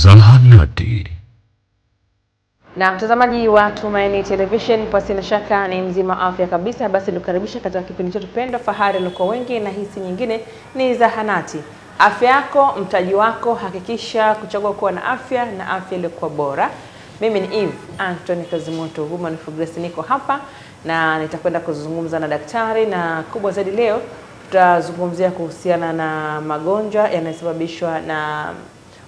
zahanati. Na mtazamaji wa Tumaini Television, pasi na shaka ni mzima afya kabisa. Basi nikukaribisha katika kipindi chetu pendwa, fahari waliokuwa wengi na hisi nyingine ni zahanati. Afya yako mtaji wako, hakikisha kuchagua kuwa na afya na afya iliyokuwa bora. Mimi ni Eve Anthony Kazimoto, Woman for Grace, niko hapa na nitakwenda kuzungumza na daktari, na kubwa zaidi leo tutazungumzia kuhusiana na magonjwa yanayosababishwa na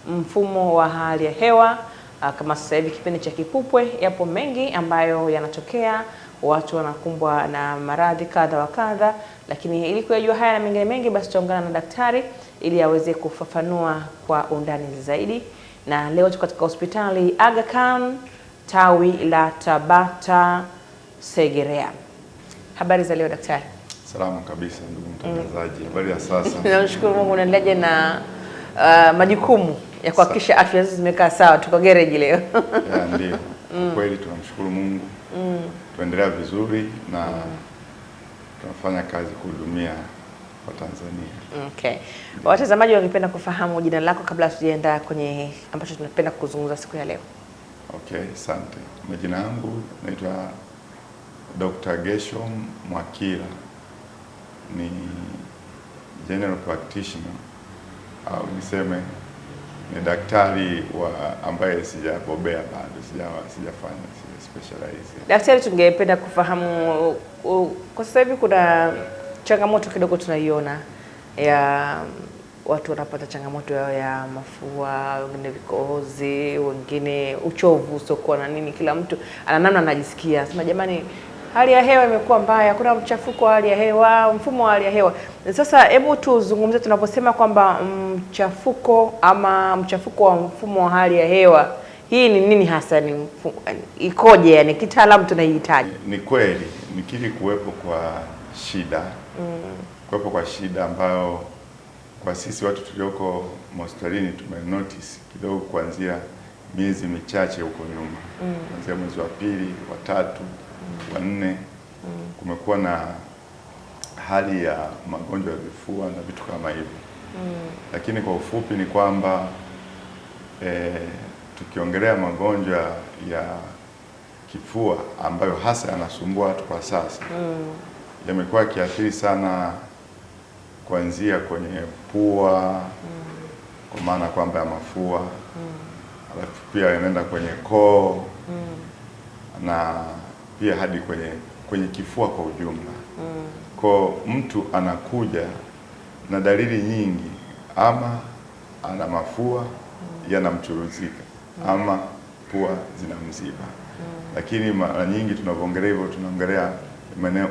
mfumo wa hali ya hewa ah, kama sasa hivi kipindi cha kipupwe, yapo mengi ambayo yanatokea, watu wanakumbwa na maradhi kadha wa kadha, lakini ili kuyajua haya na mengine mengi, basi tutaungana na daktari ili aweze kufafanua kwa undani zaidi. Na leo tuko katika hospitali Aga Khan tawi la Tabata Segerea. Habari za leo daktari? Salama kabisa ndugu mtangazaji, habari ya sasa. Namshukuru Mungu, unaendelea na uh, majukumu ya kuhakikisha afya zetu zimekaa sawa. Tuko gereji leo ndio mm. kweli. Tunamshukuru Mungu mm. tuendelea vizuri na mm. tunafanya kazi kuhudumia Watanzania. Okay. Watazamaji wangependa kufahamu jina lako kabla hatujaenda kwenye ambacho tunapenda kuzungumza siku ya leo. Okay, asante. Majina yangu naitwa Dr. Geshom Mwakila, ni general practitioner au niseme ni daktari wa ambaye sijabobea bado, sijafanya sija specialize. Daktari, tungependa kufahamu kwa sasa hivi kuna changamoto kidogo tunaiona ya watu wanapata changamoto yao ya mafua, wengine vikohozi, wengine uchovu usiokuwa na nini. Kila mtu ana namna anajisikia, sema jamani hali ya hewa imekuwa mbaya, kuna mchafuko wa hali ya hewa, mfumo wa hali ya hewa. Sasa hebu tuzungumze tunaposema kwamba mchafuko ama mchafuko wa mfumo wa hali ya hewa, hii ni nini hasa? Ni ikoje? Yani kitaalamu tunaihitaji. Ni kweli nikiri kuwepo kwa shida mm. kuwepo kwa shida ambayo kwa sisi watu tulioko Mostarini notice kidogo kuanzia miezi michache huko nyuma mm. kuanzia mwezi wa pili wa tatu wa nne, kumekuwa na hali ya magonjwa ya vifua na vitu kama hivyo mm. Lakini kwa ufupi ni kwamba e, tukiongelea magonjwa ya kifua ambayo hasa yanasumbua watu kwa sasa mm. yamekuwa yakiathiri sana kuanzia kwenye pua mm. kwa maana kwamba ya mafua alafu pia yanaenda kwenye koo mm. na pia hadi kwenye kwenye kifua kwa ujumla mm. Kwa mtu anakuja na dalili nyingi, ama ana mafua mm. yanamchuruzika mm. ama pua zinamziba mm. Lakini mara nyingi tunavyoongelea hivyo, tunaongelea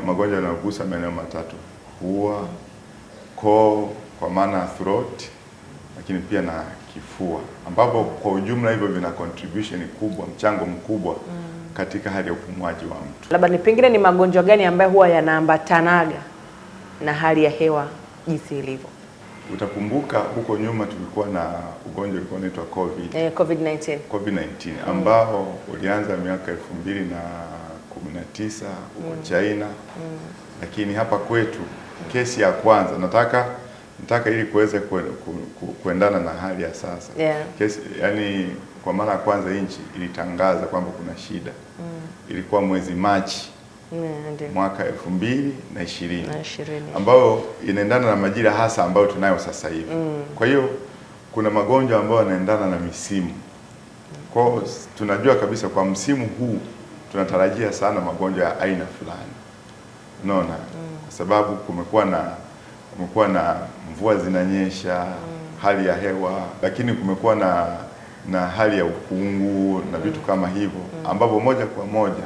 magonjwa yanayogusa maeneo matatu: pua, mm. koo kwa maana throat, lakini pia na kifua, ambapo kwa ujumla hivyo vina contribution kubwa, mchango mkubwa mm katika hali ya upumuaji wa mtu. Labda ni pengine ni magonjwa gani ambayo huwa yanaambatanaga na hali ya hewa jinsi ilivyo? Utakumbuka huko nyuma tulikuwa na ugonjwa ulikuwa unaitwa COVID. Eh, COVID-19. COVID-19 mm. ambao mm. ulianza miaka elfu mbili na kumi na tisa huko mm. China mm. lakini hapa kwetu kesi ya kwanza nataka nataka ili kuweze kuendana na hali ya sasa yeah. kesi, yani kwa mara ya kwanza nchi ilitangaza kwamba kuna shida mm. Ilikuwa mwezi Machi mm, mwaka elfu mbili na ishirini ambayo inaendana na majira hasa ambayo tunayo sasa hivi mm. Kwa hiyo kuna magonjwa ambayo yanaendana na misimu kwa tunajua kabisa kwa msimu huu tunatarajia sana magonjwa ya aina fulani, unaona mm. Kwa sababu kumekuwa na kumekuwa na mvua zinanyesha mm. hali ya hewa, lakini kumekuwa na na hali ya ukungu na vitu mm. kama hivyo mm. ambavyo moja kwa moja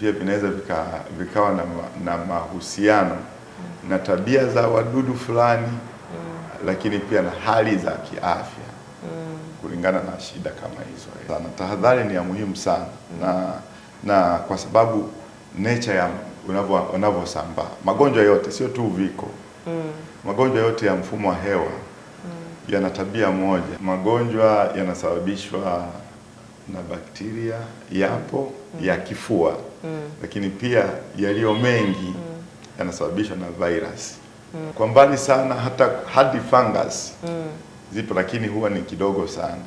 pia vinaweza vika, vikawa na, na mahusiano mm. na tabia za wadudu fulani mm. Lakini pia na hali za kiafya mm. Kulingana na shida kama hizo, na tahadhari ni ya muhimu sana mm. na, na kwa sababu nature ya unavyosambaa magonjwa yote, sio tu uviko mm. Magonjwa yote ya mfumo wa hewa yana tabia moja. Magonjwa yanasababishwa na bakteria yapo mm. ya kifua mm. lakini pia yaliyo mengi mm. yanasababishwa na virus mm. kwa mbali sana, hata hadi fungus mm. zipo, lakini huwa ni kidogo sana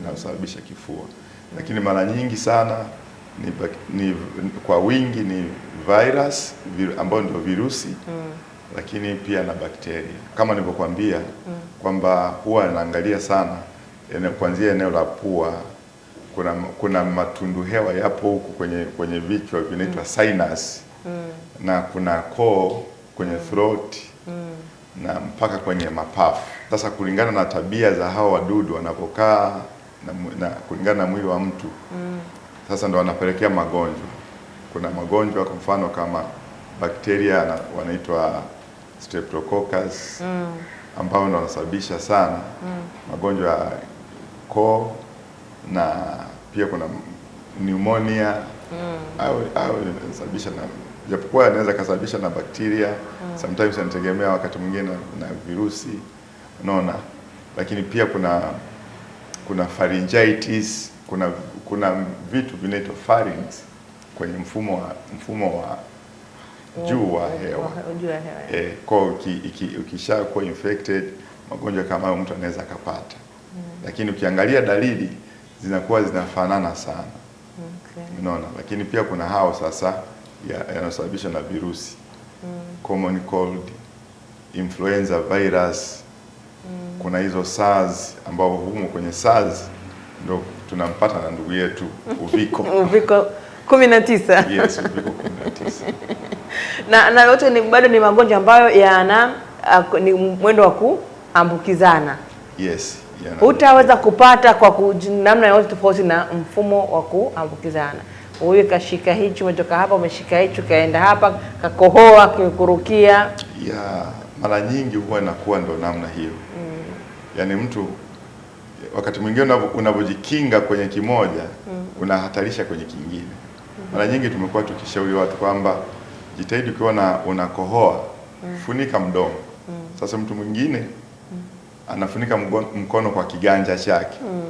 inayosababisha kifua mm. lakini mara nyingi sana ni, ni, kwa wingi ni virus vir, ambayo ndio virusi mm lakini pia na bakteria kama nilivyokuambia mm. kwamba huwa naangalia sana ene, kuanzia eneo la pua kuna, kuna matundu hewa yapo huku kwenye kwenye vichwa vinaitwa mm. sinus mm. na kuna koo kwenye mm. throat mm. na mpaka kwenye mapafu. Sasa kulingana na tabia za hawa wadudu wanapokaa na, na kulingana na mwili wa mtu mm. sasa ndo wanapelekea magonjwa. Kuna magonjwa kwa mfano kama bakteria wanaitwa streptococcus mm. ambao unaosababisha sana mm. magonjwa ya koo na pia kuna pneumonia mm. au inasababisha na japokuwa anaweza kasababisha na bakteria mm. sometimes anategemea wakati mwingine na, na virusi unaona, lakini pia kuna kuna pharyngitis, kuna kuna vitu vinaitwa pharynx kwenye mfumo wa mfumo wa juu wa hewa, hewa. Eh, kwa kuwa infected magonjwa kama hayo mtu anaweza akapata mm. Lakini ukiangalia dalili zinakuwa zinafanana sana okay. Unaona, lakini pia kuna hao sasa yanayosababishwa na virusi mm. common cold, influenza virus mm. Kuna hizo SARS ambao humo kwenye SARS ndo tunampata na ndugu yetu uviko uviko 19 yes, uviko 19 na na yote ni bado ni magonjwa ambayo yana uh, ni mwendo wa kuambukizana. Yes, hutaweza kupata kwa namna yote tofauti na mfumo wa kuambukizana. Huyu kashika hichi, umetoka hapa, umeshika hichi, kaenda hapa, kakohoa, kikurukia. Yeah, mara nyingi huwa inakuwa ndo namna hiyo mm. Yaani mtu wakati mwingine unavyojikinga kwenye kimoja mm. unahatarisha kwenye kingine mm -hmm. Mara nyingi tumekuwa tukishauri watu kwamba jitahidi ukiwa unakohoa mm. funika mdomo mm. Sasa mtu mwingine mm. anafunika mkono kwa kiganja chake mm.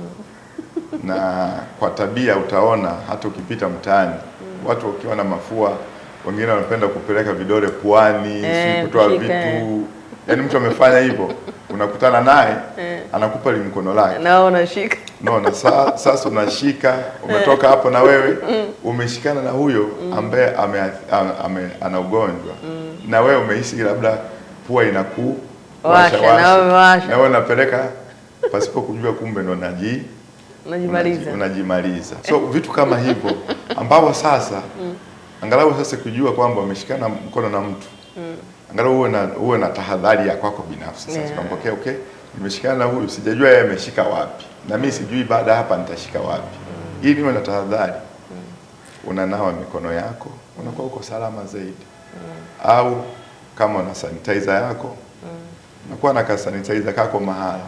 na kwa tabia utaona hata ukipita mtaani mm. watu wakiwa na mafua wengine wanapenda kupeleka vidole puani eh, si kutoa vitu yaani mtu amefanya hivyo unakutana naye eh. anakupa limkono lake na unashika Naona sasa unashika, umetoka eh. hapo na wewe mm. umeshikana na huyo mm. ambaye ame, ame, ana ugonjwa mm. na wewe umehisi labda pua inakuwasha washa, na wewe unapeleka pasipo kujua, kumbe ndo naji unajimaliza unajimaliza. So vitu kama hivyo ambao sasa mm. angalau sasa kujua kwamba umeshikana mkono na mtu mm. angalau uwe na uwe na tahadhari ya kwako binafsi sasa, yeah. okay, okay nimeshikana na huyu, sijajua yeye ameshika wapi na mimi sijui baada hapa nitashika wapi. Mm. Hii niwe na tahadhari, mm. unanawa mikono yako unakuwa uko salama zaidi, mm. au kama una sanitizer yako unakuwa na sanitizer kako mahala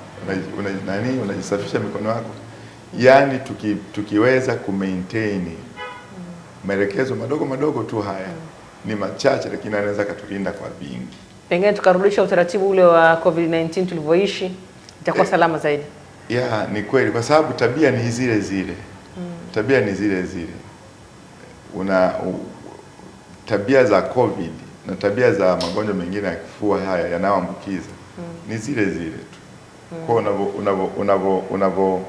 una, nani unajisafisha mikono yako, yaani tuki, tukiweza kumaintain maelekezo madogo madogo tu haya ni machache lakini anaweza katulinda kwa vingi. Pengine tukarudisha utaratibu ule wa COVID-19 tulivyoishi, itakuwa eh, salama zaidi ya ni kweli, kwa sababu tabia ni zile zile mm. tabia ni zile zile una u, tabia za COVID na tabia za magonjwa mengine ya kifua haya yanayoambukiza mm. ni zile zile tu mm. kwa unavyo unavyo unavyo unavyo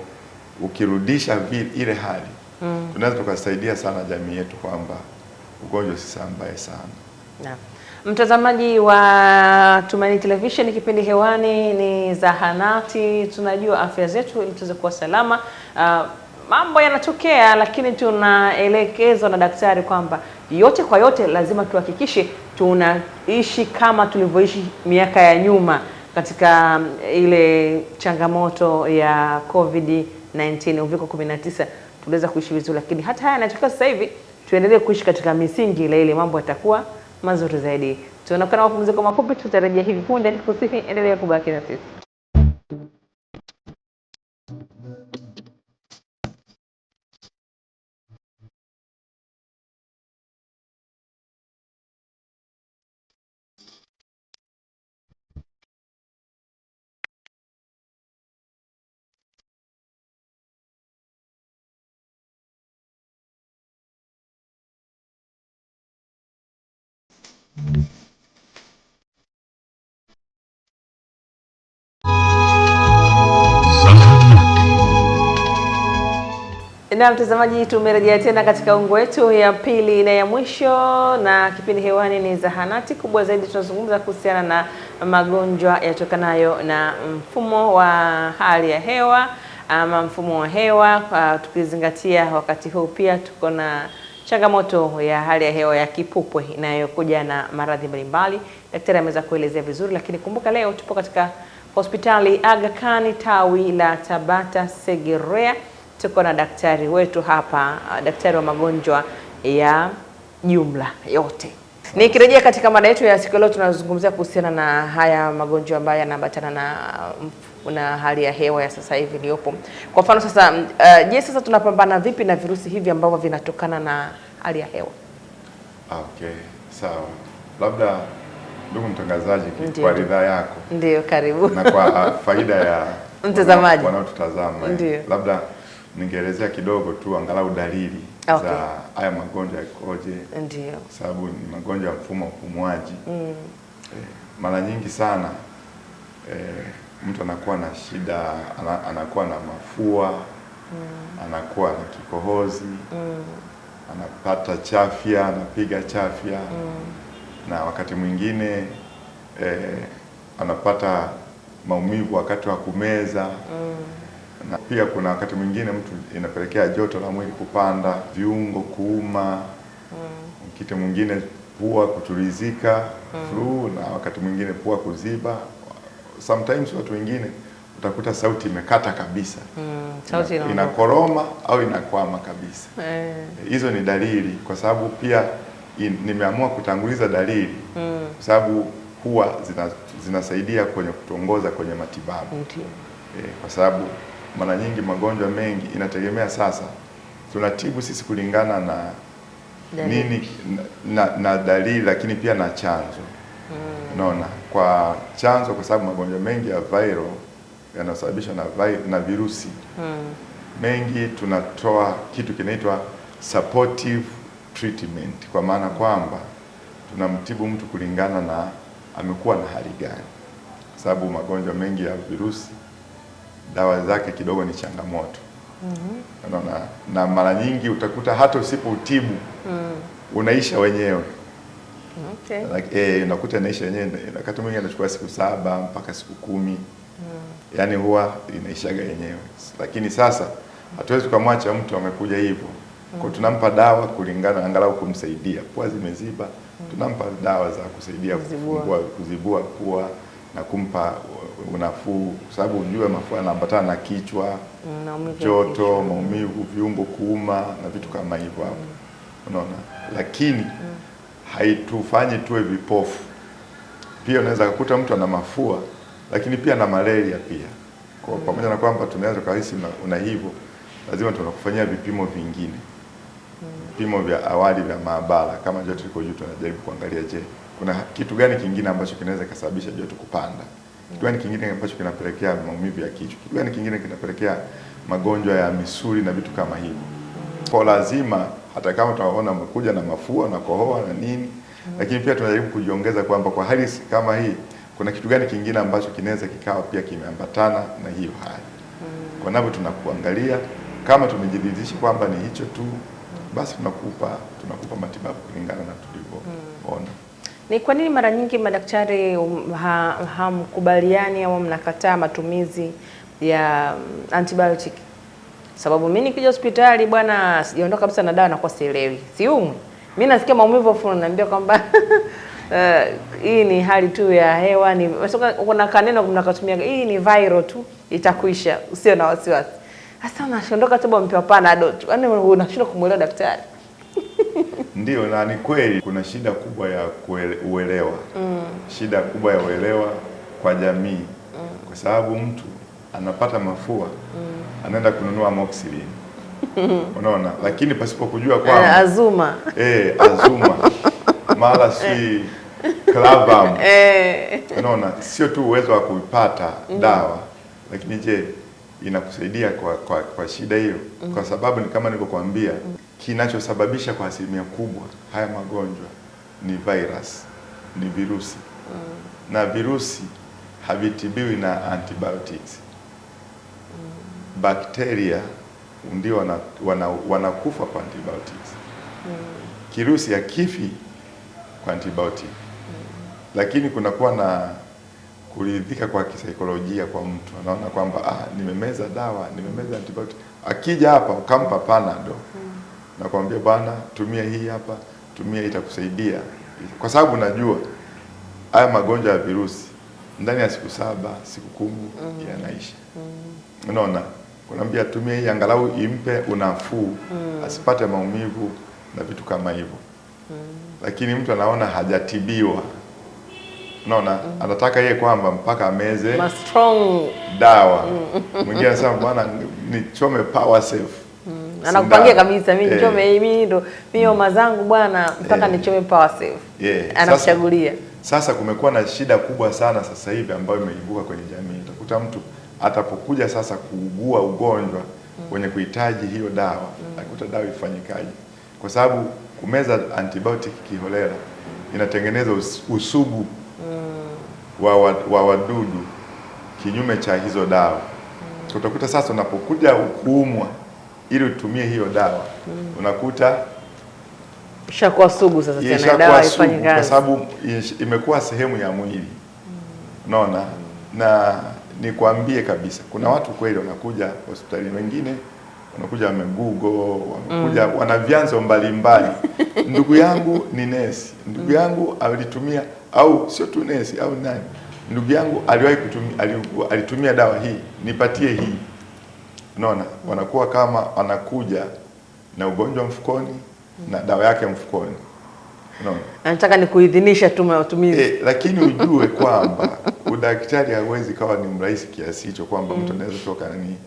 ukirudisha ile hali mm. tunaweza tukasaidia sana jamii yetu kwamba ugonjwa usisambae sana yeah. Mtazamaji wa Tumaini Television, kipindi hewani ni zahanati. Tunajua afya zetu ili tuweze kuwa salama. Uh, mambo yanatokea, lakini tunaelekezwa na daktari kwamba yote kwa yote lazima tuhakikishe tunaishi kama tulivyoishi miaka ya nyuma katika mm, ile changamoto ya COVID 19 uviko 19, tuliweza kuishi vizuri, lakini hata haya yanatokea sasa hivi, tuendelee kuishi katika misingi ile ile, mambo yatakuwa mazuri zaidi. Tunakwenda mapumziko mafupi, tutarejea hivi punde. Nikusihi endelea kubaki na sisi. Na mtazamaji, tumerejea tena katika ungo wetu ya pili na ya mwisho, na kipindi hewani ni zahanati kubwa zaidi. Tunazungumza kuhusiana na magonjwa yatokanayo na mfumo wa hali ya hewa ama mfumo wa hewa, tukizingatia wakati huu pia tuko na changamoto ya hali ya hewa ya kipupwe inayokuja na maradhi mbalimbali. Daktari ameweza kuelezea vizuri, lakini kumbuka leo tupo katika hospitali Aga Khan tawi la Tabata Segerea. Tuko na daktari wetu hapa, daktari wa magonjwa ya jumla yote. Nikirejea katika mada yetu ya siku leo, tunazungumzia kuhusiana na haya magonjwa ambayo yanaambatana na na hali ya hewa ya sasa hivi iliyopo. Kwa mfano sasa, uh, je, sasa tunapambana vipi na virusi hivi ambavyo vinatokana na hali ya hewa? Ah, okay, sawa. So, labda ndugu mtangazaji, kwa ridhaa yako ndio, karibu na kwa ah, faida ya mtazamaji wanaotutazama, labda ningeelezea kidogo tu angalau dalili okay, za haya magonjwa yakoje, ndio sababu ni magonjwa ya mfumo wa upumuaji mm. Eh, mara nyingi sana eh, mtu anakuwa na shida ana, anakuwa na mafua mm. anakuwa na kikohozi mm. anapata chafya, anapiga chafya mm. na wakati mwingine eh, anapata maumivu wakati wa kumeza mm. na pia kuna wakati mwingine mtu inapelekea joto la mwili kupanda, viungo kuuma mm. kitu mwingine pua kutulizika mm. flu na wakati mwingine pua kuziba sometimes watu wengine utakuta sauti imekata kabisa mm, sauti ina, inakoroma au inakwama kabisa eh. hizo mm. Ni dalili kwa sababu pia in, nimeamua kutanguliza dalili mm. Kwa sababu huwa zina, zinasaidia kwenye kutongoza kwenye matibabu e, kwa sababu mara nyingi magonjwa mengi inategemea sasa tunatibu sisi kulingana na dalili. nini na, na, na dalili lakini pia na chanzo unaona kwa chanzo, kwa sababu magonjwa mengi ya viral yanayosababishwa na, na virusi mm. mengi tunatoa kitu kinaitwa supportive treatment, kwa maana kwamba tunamtibu mtu kulingana na amekuwa na hali gani, kwa sababu magonjwa mengi ya virusi dawa zake kidogo ni changamoto mm -hmm. na, na mara nyingi utakuta hata usipoutibu mm. unaisha wenyewe okay. Like, eh, unakuta naisha yenyewe wakati mwingi anachukua siku saba mpaka siku kumi mm. Yaani huwa inaishaga yenyewe, lakini sasa hatuwezi tukamwacha mtu amekuja hivyo mm. Kwa hmm. tunampa dawa kulingana, angalau kumsaidia pua zimeziba mm. Tunampa dawa za kusaidia kuzibua, kuzibua pua na kumpa unafuu kwa sababu ujue mafua yanaambatana na kichwa hmm, joto, maumivu, viungo kuuma na vitu kama hivyo hapo, hmm. unaona lakini mm haitufanyi tuwe vipofu. Pia unaweza kukuta mtu ana mafua lakini pia na malaria pia. Kwa pamoja na kwamba tunaweza kuhisi una hivyo, lazima tunakufanyia vipimo vingine, vipimo vya awali vya maabara kama joto liko juu, tunajaribu kuangalia, je, kuna kitu gani kingine ambacho kinaweza kusababisha joto kupanda? Kitu gani kingine ambacho kinapelekea maumivu ya kichwa? Kitu gani kingine kinapelekea magonjwa ya misuli na vitu kama hivyo? Kwa lazima hata kama tunaona amekuja na mafua na kohoa na nini mm. Lakini pia tunajaribu kujiongeza kwamba kwa hali kama hii kuna kitu gani kingine ambacho kinaweza kikawa pia kimeambatana na hiyo hali mm. Kwa navyo tunakuangalia kama tumejidhihirisha kwamba ni hicho tu basi tunakupa tunakupa matibabu kulingana na tulivyoona. Ni kwa nini mara nyingi madaktari hamkubaliani ha, au mnakataa matumizi ya mm, antibiotic? sababu mimi nikija hospitali bwana, sijaondoka kabisa na dawa na kwa sielewi, siumwi mimi, nasikia maumivu afu naambia kwamba uh, hii ni hali tu ya hewa, ni kuna kaneno mnakatumia, hii ni viral tu, itakuisha, usio na wasiwasi. Sasa unashondoka tu mpewa panado tu, yani unashindwa kumuelewa daktari. Ndiyo, na ni kweli kuna shida kubwa ya kuele, uelewa mm. shida kubwa ya uelewa kwa jamii mm. kwa sababu mtu anapata mafua mm anaenda kununua amoxicillin unaona, lakini pasipo kujua kwamba eh, azuma e, azuma mara si clavam eh. unaona, sio tu uwezo wa kuipata mm. dawa, lakini je inakusaidia kwa, kwa, kwa shida hiyo mm. Kwa sababu ni kama nilivyokuambia mm. Kinachosababisha kwa asilimia kubwa haya magonjwa ni virus, ni virusi Na virusi havitibiwi na antibiotics bakteria ndio wanakufa wana, wana kwa antibiotics mm. Kirusi kifi kwa antibiotic mm. Lakini kunakuwa na kuridhika kwa kisaikolojia kwa mtu, anaona kwamba ah, nimemeza dawa, nimemeza antibiotic. Akija hapa ukampa panado mm. Nakwambia bwana, tumia hii hapa, tumia itakusaidia, kwa sababu najua haya magonjwa ya virusi ndani ya siku saba siku kumi mm. yanaisha mm. unaona unaambia tumie hii angalau impe unafuu mm. asipate maumivu na vitu kama hivyo mm. Lakini mtu anaona hajatibiwa, unaona mm. anataka yeye kwamba mpaka ameze Ma strong dawa mm. mwingine anasema bwana, nichome mm. anakupangia kabisa, mimi eh. nichome hii, mimi ndo mimi homa mm. zangu bwana, mpaka eh. nichome yeah. Eh. anachagulia Sasa kumekuwa na shida kubwa sana sasa hivi ambayo imeibuka kwenye jamii, utakuta mtu atapokuja sasa kuugua ugonjwa wenye kuhitaji hiyo dawa mm. akuta dawa ifanyikaje, kwa sababu kumeza antibiotic kiholela inatengeneza usugu mm. wa, wa, wa wadudu kinyume cha hizo dawa. Mm. Utakuta sasa unapokuja kuumwa ili utumie hiyo dawa unakuta ishakuwa sugu sasa tena, dawa ifanye kazi, kwa sababu imekuwa sehemu ya mwili, unaona na nikwambie kabisa, kuna watu kweli wanakuja hospitalini, wengine wanakuja wamegugo, wanakuja mm. wana vyanzo mbalimbali ndugu yangu ni nesi, ndugu yangu alitumia au sio tu nesi au nani, ndugu yangu aliwahi kutumia, alitumia dawa hii, nipatie hii. Unaona, wanakuwa kama wanakuja na ugonjwa mfukoni na dawa yake mfukoni. Unaona, anataka nikuidhinisha tu matumizi e, lakini ujue kwamba udaktari hauwezi kawa ni mrahisi kiasi hicho kwamba mtu mm. anaweza toka nani,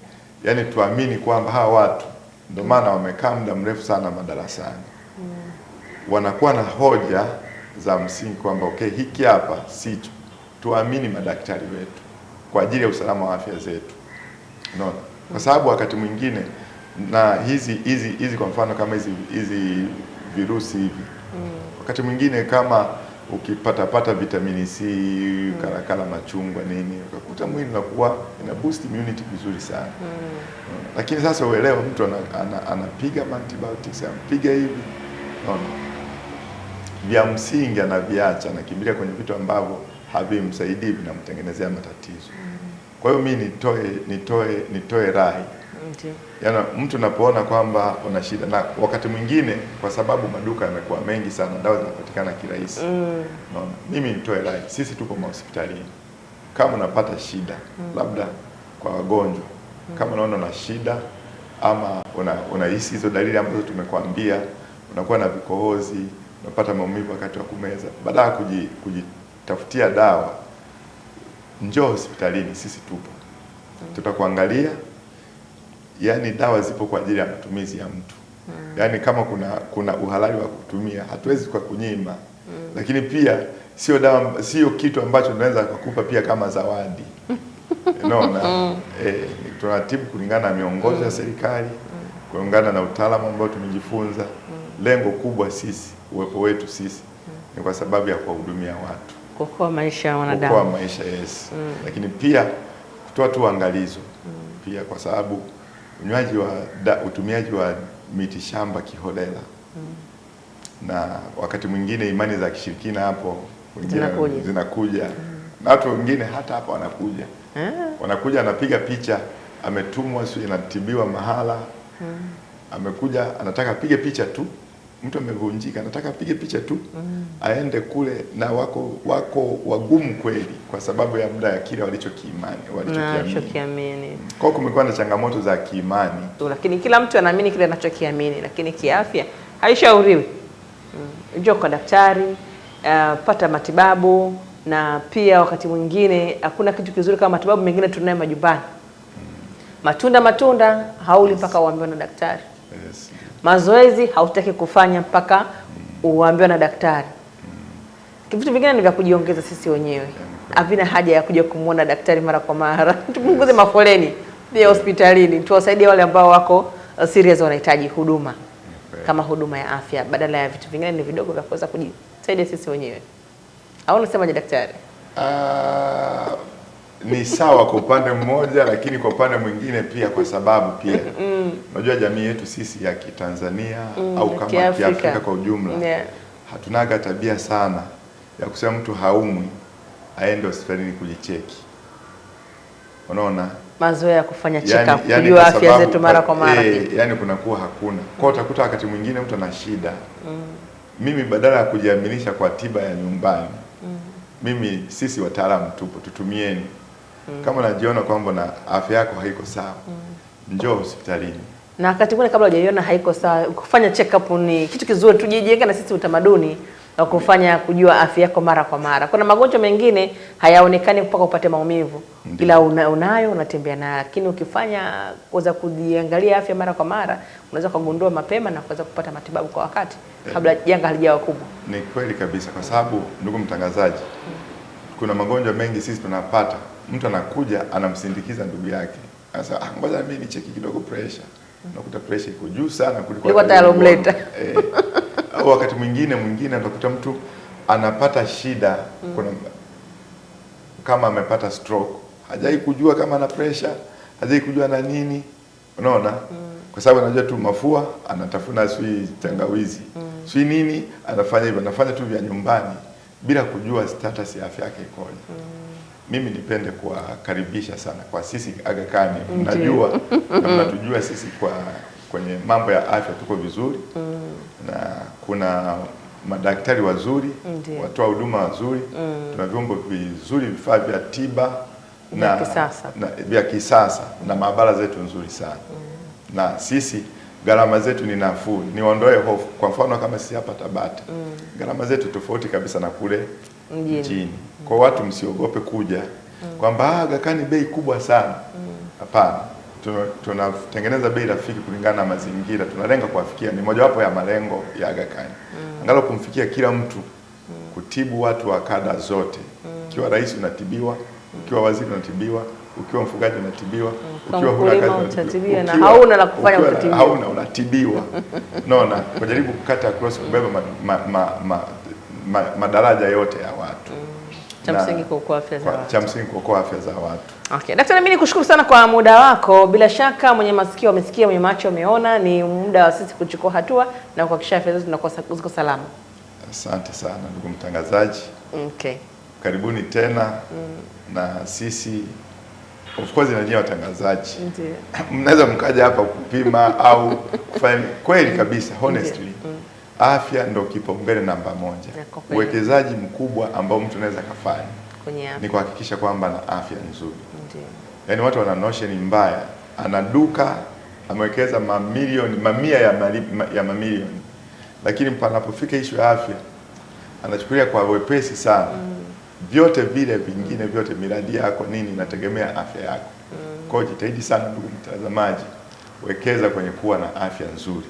yani tuamini kwamba hawa watu ndio maana wamekaa muda mrefu sana madarasani mm. wanakuwa na hoja za msingi kwamba okay, hiki hapa sicho, tuamini madaktari wetu kwa ajili ya usalama wa afya zetu, unaona, kwa sababu wakati mwingine na hizi hizi hizi, kwa mfano kama hizi hizi virusi hivi, mm. wakati mwingine kama ukipatapata vitamini C mm. karakala machungwa nini, ukakuta mwili unakuwa ina boost immunity vizuri sana mm. mm. Lakini sasa uelewa, mtu anapiga ana, ana antibiotics anapiga hivi no, vya msingi anaviacha, anakimbilia kwenye vitu ambavyo havimsaidii vinamtengenezea matatizo mm. Kwa hiyo mi nitoe nitoe nitoe rai mm yana, mtu unapoona kwamba una shida, na wakati mwingine kwa sababu maduka yamekuwa mengi sana, dawa zinapatikana kirahisi mm. No, mimi nitoe rai, sisi tupo mahospitalini. Kama unapata shida mm. labda kwa wagonjwa mm. kama unaona una shida ama unahisi una hizo dalili ambazo tumekwambia, unakuwa na vikohozi, unapata maumivu wakati wa kumeza, badala ya kujitafutia dawa, njoo hospitalini, sisi tupo, mm. tutakuangalia yani dawa zipo kwa ajili ya matumizi ya mtu mm. Yani kama kuna kuna uhalali wa kutumia hatuwezi kwa kunyima mm. Lakini pia sio dawa, sio kitu ambacho tunaweza kukupa pia kama zawadi unaona mm. Eh, tunatibu kulingana na miongozo ya hmm. serikali mm. kulingana na utaalamu ambao tumejifunza mm. Lengo kubwa sisi uwepo wetu sisi mm. ni kwa sababu ya kuwahudumia watu, kuokoa maisha ya wanadamu, kuokoa maisha yes mm. Lakini pia kutoa tu uangalizo mm. pia kwa sababu unywaji wa da, utumiaji wa miti shamba kiholela mm. na wakati mwingine imani za kishirikina hapo zinakuja, zinakuja. Mm. na watu wengine hata hapa wanakuja mm. wanakuja anapiga picha ametumwa, si inatibiwa mahala mm. amekuja anataka apige picha tu mtu amevunjika, nataka apige picha tu mm. aende kule, na wako wako wagumu kweli, kwa sababu ya muda ya kile walichokiamini walichokiamini. Kwa hiyo kumekuwa na changamoto za kiimani, lakini kila mtu anaamini kile anachokiamini, lakini kiafya haishauriwi. Mm. kwa daktari, uh, pata matibabu, na pia wakati mwingine hakuna kitu kizuri kama matibabu mengine tunayo majumbani. Mm. Matunda matunda hauli mpaka yes. uambiwe na daktari yes. Mazoezi hautaki kufanya mpaka uambiwe na daktari. Vitu vingine ni vya kujiongeza sisi wenyewe, havina haja ya kuja kumwona daktari mara kwa mara. Tupunguze mafoleni pia hospitalini, tuwasaidie wale ambao wako uh, serious, wanahitaji huduma kama huduma ya afya, badala ya vitu vingine ni vidogo vya kuweza kujisaidia sisi wenyewe. Au unasemaje daktari? Uh ni sawa kwa upande mmoja, lakini kwa upande mwingine pia, kwa sababu pia unajua mm. jamii yetu sisi ya Kitanzania mm, au kama Kiafrika Afrika kwa ujumla yeah. hatunaga tabia sana ya kusema mtu haumwi aende hospitalini kujicheki, unaona mazoea ya kufanya check up kujua afya zetu mara kwa mara e, yani kuwa hakuna kwa utakuta wakati mwingine mtu ana shida mm. mimi badala ya kujiaminisha kwa tiba ya nyumbani mm. mimi sisi wataalamu tupo, tutumieni Mm. kama unajiona kwamba na afya yako haiko sawa mm. njoo hospitalini na wakati mwingine kabla hujaiona haiko sawa, kufanya check up ni kitu kizuri. Tujijenge na sisi utamaduni wa kufanya kujua afya yako mara kwa mara. Kuna magonjwa mengine hayaonekani mpaka upate maumivu, ila una, unayo unatembea nayo, lakini ukifanya kuweza kujiangalia afya mara kwa mara unaweza kugundua mapema na kuweza kupata matibabu kwa wakati eh. kabla janga halijawa kubwa. Ni kweli kabisa, kwa sababu ndugu mtangazaji, mm. kuna magonjwa mengi sisi tunapata mtu anakuja anamsindikiza ndugu yake. Sasa ah, ngoja mimi nicheki kidogo pressure, mm. unakuta pressure iko juu sana kuliko hata alomleta eh. Au wakati mwingine mwingine unakuta mtu anapata shida mm. kuna kama amepata stroke, hajai kujua kama ana pressure, hajai kujua na nini, unaona mm. kwa sababu anajua tu mafua, anatafuna sui tangawizi mm. sui nini, anafanya hivyo, anafanya tu vya nyumbani bila kujua status ya afya yake ikoje mm mimi nipende kuwakaribisha sana kwa sisi Aga Khan. Mnajua na mnatujua sisi kwa kwenye mambo ya afya tuko vizuri mm. na kuna madaktari wazuri Ndiyo. watoa huduma wazuri mm. tuna vyombo vizuri, vifaa vya tiba vya kisasa na, na, maabara zetu nzuri sana mm. na sisi gharama zetu ni nafuu, niondoe hofu. Kwa mfano kama si hapa Tabata mm. gharama zetu tofauti kabisa na kule mjini, Mm. Kwa watu msiogope kuja mm. kwamba Aga ah, bei kubwa sana, mm. hapana mm. tunatengeneza tuna bei rafiki kulingana na mazingira tunalenga kuwafikia. Ni mojawapo ya malengo ya Aga Khan mm. angalau kumfikia kila mtu mm. kutibu watu wa kada zote mm. ukiwa rais unatibiwa, ukiwa mm. waziri unatibiwa ukiwa mfugaji unatibiwa, ukiwa huna kazi na hauna la kufanya utatibiwa, hauna unatibiwa. Naona kujaribu kukata cross, kubeba ma, ma, ma, ma, ma, madaraja yote ya watu mm. cha msingi kuokoa watu. Cha msingi kuokoa afya za watu. Okay. Daktari, mimi nikushukuru sana kwa muda wako. Bila shaka mwenye masikio amesikia, mwenye macho ameona, ni muda wa sisi kuchukua hatua na kuhakikisha afya zetu zinakuwa ziko salama. Asante sana ndugu mtangazaji. Okay. Karibuni tena mm. na sisi of course nanyi watangazaji mnaweza mkaja hapa kupima au kufanya kweli kabisa honestly mm. afya ndo kipaumbele namba moja. Uwekezaji mkubwa ambao mtu anaweza akafanya ni kuhakikisha kwamba na afya nzuri. Yaani watu wana nosheni mbaya, ana duka amewekeza mamilioni mamia ya, mali, ya mamilioni, lakini panapofika ishu ya afya anachukulia kwa wepesi sana mm vyote vile vingine vyote, miradi yako nini inategemea afya yako. Mm. Kwa hiyo jitahidi sana ndugu mtazamaji, wekeza kwenye kuwa na afya nzuri.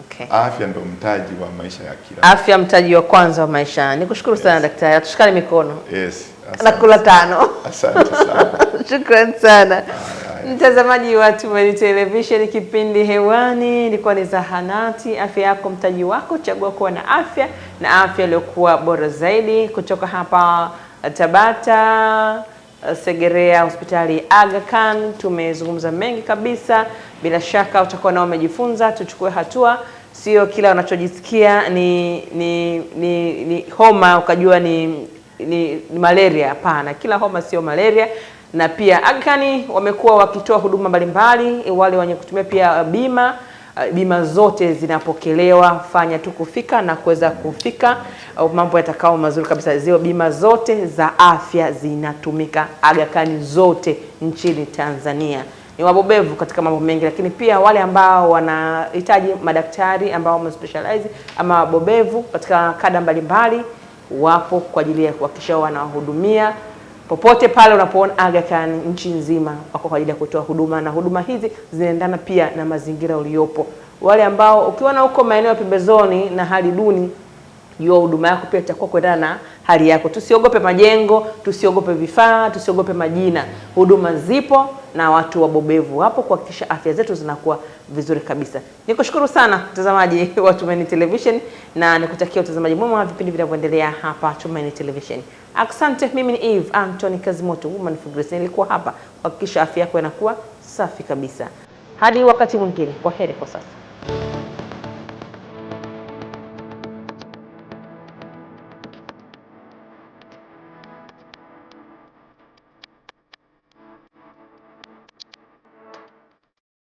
Okay. Afya ndo mtaji wa maisha ya kila. Afya mtaji wa kwanza wa maisha. Nikushukuru yes, sana daktari. Tushikane mikono. Yes. Na kula tano. Asante sana. Shukrani sana. Mtazamaji wa Tumaini Television, kipindi hewani ilikuwa ni zahanati. Afya yako mtaji wako, chagua kuwa na afya na afya iliyokuwa bora zaidi kutoka hapa Eh, Tabata, eh, Segerea, hospitali Aga Khan. Tumezungumza mengi kabisa, bila shaka utakuwa nao umejifunza. Tuchukue hatua, sio kila unachojisikia ni ni, ni ni homa ukajua ni ni, ni malaria. Hapana, kila homa sio malaria. Na pia Aga Khan wamekuwa wakitoa huduma mbalimbali, wale wenye kutumia pia eh, bima Eh, bima zote zinapokelewa, fanya tu kufika na kuweza kufika, eh, mambo yatakao mazuri kabisa. Zio bima zote za afya zinatumika, Aga Khan zote nchini Tanzania ni wabobevu katika mambo mengi, lakini pia wale ambao wanahitaji madaktari ambao specialize ama wabobevu katika kada mbalimbali wapo kwa ajili ya kuhakikisha wanawahudumia popote pale unapoona Aga Khan, nchi nzima wako kwa ajili ya kutoa huduma, na huduma hizi zinaendana pia na mazingira uliopo. Wale ambao na huko maeneo ya pembezoni na hali duni, jua huduma yako pia itakuwa kuendana na hali yako. Tusiogope majengo, tusiogope vifaa, tusiogope majina. Huduma zipo na watu wabobevu wapo kuhakikisha afya zetu zinakuwa vizuri kabisa. Nikushukuru sana mtazamaji wa Tumaini Television na nikutakia utazamaji mwema wa vipindi vinavyoendelea hapa Tumaini Television. Asante. Mimi ni Eve Anthony Kazimoto, Woman for Grace, nilikuwa hapa kuhakikisha afya yako inakuwa safi kabisa. Hadi wakati mwingine, kwa heri kwa sasa.